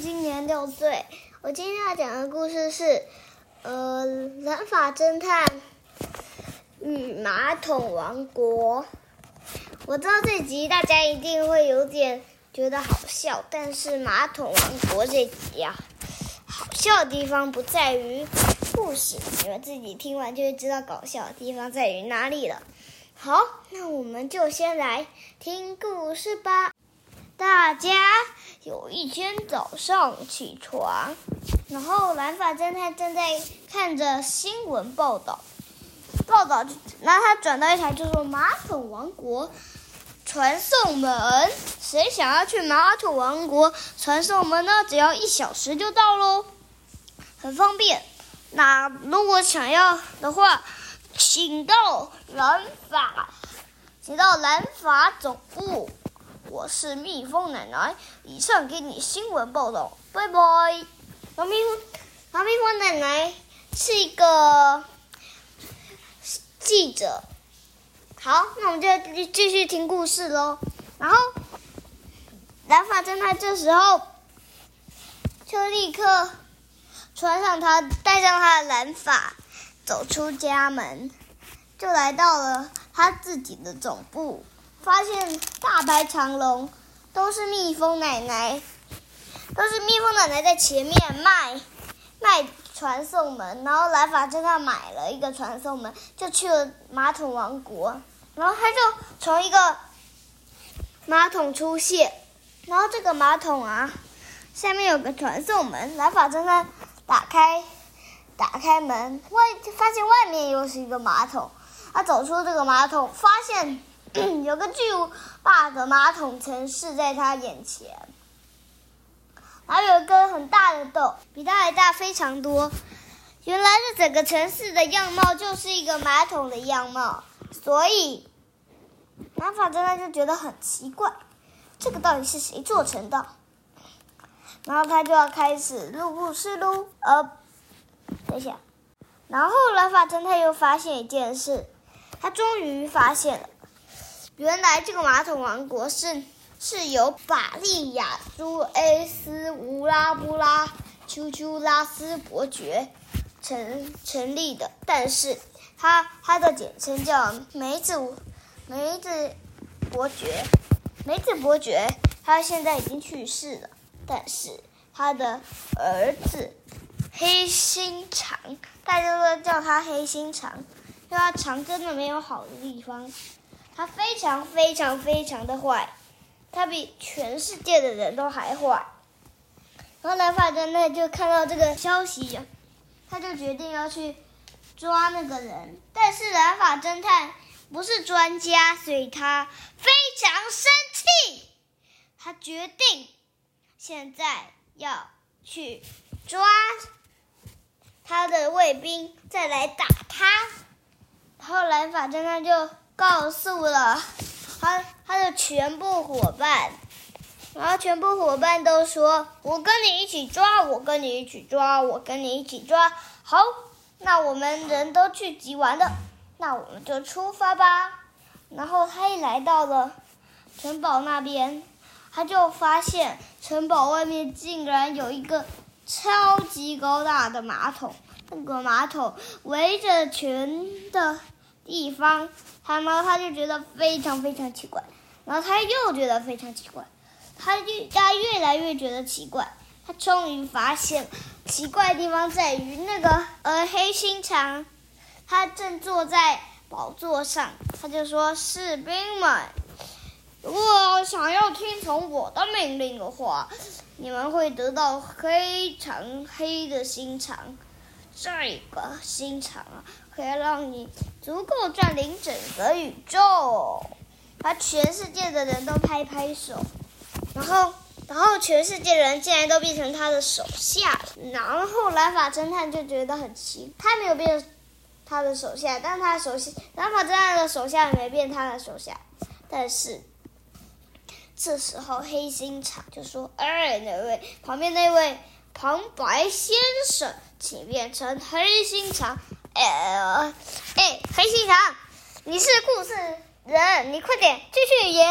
今年六歲，我今天要講的故事是，呃，《藍髮偵探與、嗯、馬桶王國》。我知道這集大家一定會有點覺得好笑，但是《馬桶王國》這集啊，好笑的地方不在於故事，你們自己聽完就會知道搞笑的地方在於哪裡了。好，那我們就先來聽故事吧。大家有一天早上起床，然後藍髮偵探正在看着新聞報道，報道。那他轉到一台，就說馬桶王國傳送門，誰想要去馬桶王國傳送門呢？只要一小時就到嘍，很方便。那如果想要的話，請到藍髮，請到藍髮總部。我是蜜蜂奶奶，以上給你新聞報道拜拜。老蜜蜂，老蜜蜂奶奶是一個記者。好，那我們就繼續聽故事嘍。然後，藍髮偵探這時候就立刻穿上他，帶上他的藍髮，走出家門，就來到了他自己的總部。發現大排長龍，都是蜜蜂奶奶，都是蜜蜂奶奶在前面賣賣傳送門，然後藍髮偵探買了一個傳送門，就去了馬桶王國，然後他就從一個馬桶出現，然後這個馬桶啊，下面有個傳送門，藍髮偵探打開打開門外，發現外面又是一個馬桶，他走出這個馬桶，發現。 有個巨無霸的馬桶城市在他眼前，還有一個很大的洞，比他還大非常多。原來這整個城市的樣貌就是一個馬桶的樣貌，所以，藍髮偵探就覺得很奇怪，這個到底是誰做成的？然後他就要開始入不試路。呃，等一下，然後藍髮偵探又發現一件事，他終於發現了。原來這個馬桶王國是是由法利亞朱埃斯烏拉布拉丘丘拉斯伯爵成成立的，但是他他的簡稱叫梅子梅子伯爵。梅子伯爵他現在已經去世了，但是他的兒子黑心腸，大家都叫他黑心腸，因為他腸真的沒有好的地方。他非常非常非常的壞，他比全世界的人都還壞。然後藍髮偵探就看到這個消息，他就決定要去抓那個人。但是藍髮偵探不是專家，所以他非常生氣。他決定現在要去抓他的衛兵，再來打他。然後藍髮偵探就。告訴了他他的全部夥伴，然後全部夥伴都說：“我跟你一起抓，我跟你一起抓，我跟你一起抓。”好，那我們人都聚集完了，那我們就出發吧。然後他一來到了城堡那邊，他就發現城堡外面竟然有一個超級高大的馬桶，那個馬桶圍着全的。地方，他呢，他就覺得非常非常奇怪，然後他又覺得非常奇怪，他就他越來越覺得奇怪，他終於發現奇怪的地方在於那個呃黑心腸，他正坐在寶座上，他就說士兵們，如果想要聽從我的命令的話，你們會得到非常黑的心腸。這個心腸啊，可以讓你足夠佔領整個宇宙，把全世界的人都拍拍手，然後，然後全世界的人竟然都變成他的手下，然後藍髮偵探就覺得很奇，他沒有變他的手下，但他的手下藍髮偵探的手下也沒變他的手下，但是這時候黑心腸就說：“哎，那位，旁邊那位。”旁白先生，請變成黑心腸。哎、呃，哎，黑心腸，你是故事人，你快點繼續演。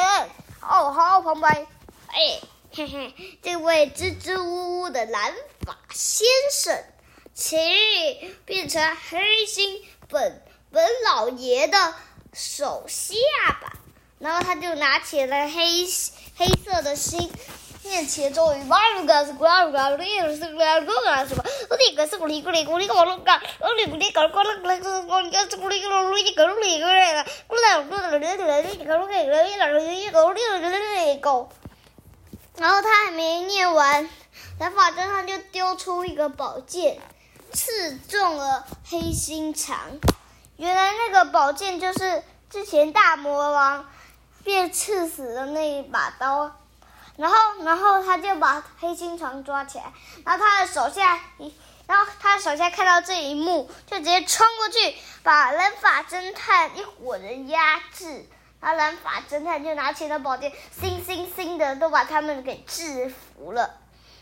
哦，好，旁白。哎，嘿嘿，這位支支吾吾的藍髮先生，請變成黑心本本老爺的手下吧。然後他就拿起了黑黑色的心。 然後他還沒念完，他法杖上就丟出一個寶劍，刺中了黑心腸。原來那個寶劍就是之前大魔王被刺死的那一把刀。然後，然後他就把黑心腸抓起來，然後他的手下一，然後他的手下看到這一幕，就直接衝過去，把藍髮偵探一夥人壓制。然後藍髮偵探就拿起了寶劍，星星星的都把他們給制服了。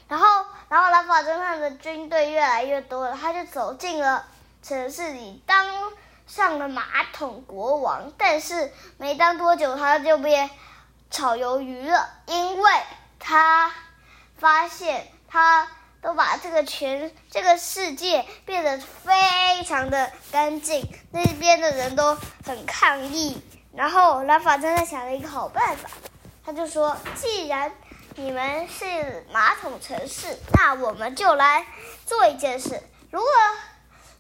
然後，然後藍髮偵探的軍隊越來越多了，他就走進了城市裡，當上了馬桶國王。但是沒當多久，他就被。炒魷魚了，因為他發現他都把這個全這個世界變得非常的乾淨，那邊的人都很抗議。然後藍髮正在想了一個好辦法，他就說：“既然你們是馬桶城市，那我們就來做一件事。如果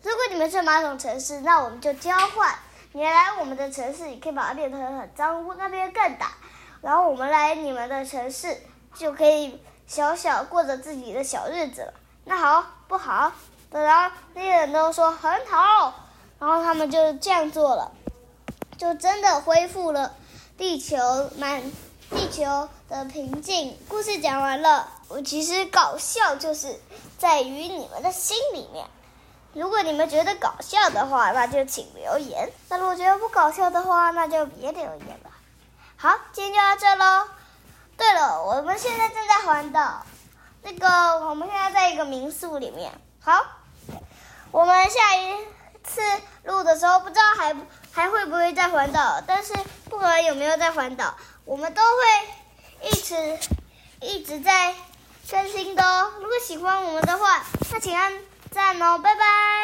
如果你們是馬桶城市，那我們就交換。你來我們的城市，你可以把它變成很髒污，那邊更大。”然後我們來你們的城市，就可以小小過着自己的小日子了。那好不好？然後那些人都說很好，然後他們就這樣做了，就真的恢復了地球滿地球的平靜。故事講完了，我其實搞笑就是在於你們的心裡面。如果你們覺得搞笑的話，那就請留言。但如果覺得不搞笑的話，那就別留言了。好，今天就到這嘍。對了，我們現在正在環島，那個我們現在在一個民宿裡面。好，我們下一次錄的時候，不知道還還會不會再環島，但是不管有沒有在環島，我們都會一直一直在更新的哦。如果喜歡我們的話，那請按讚哦，拜拜。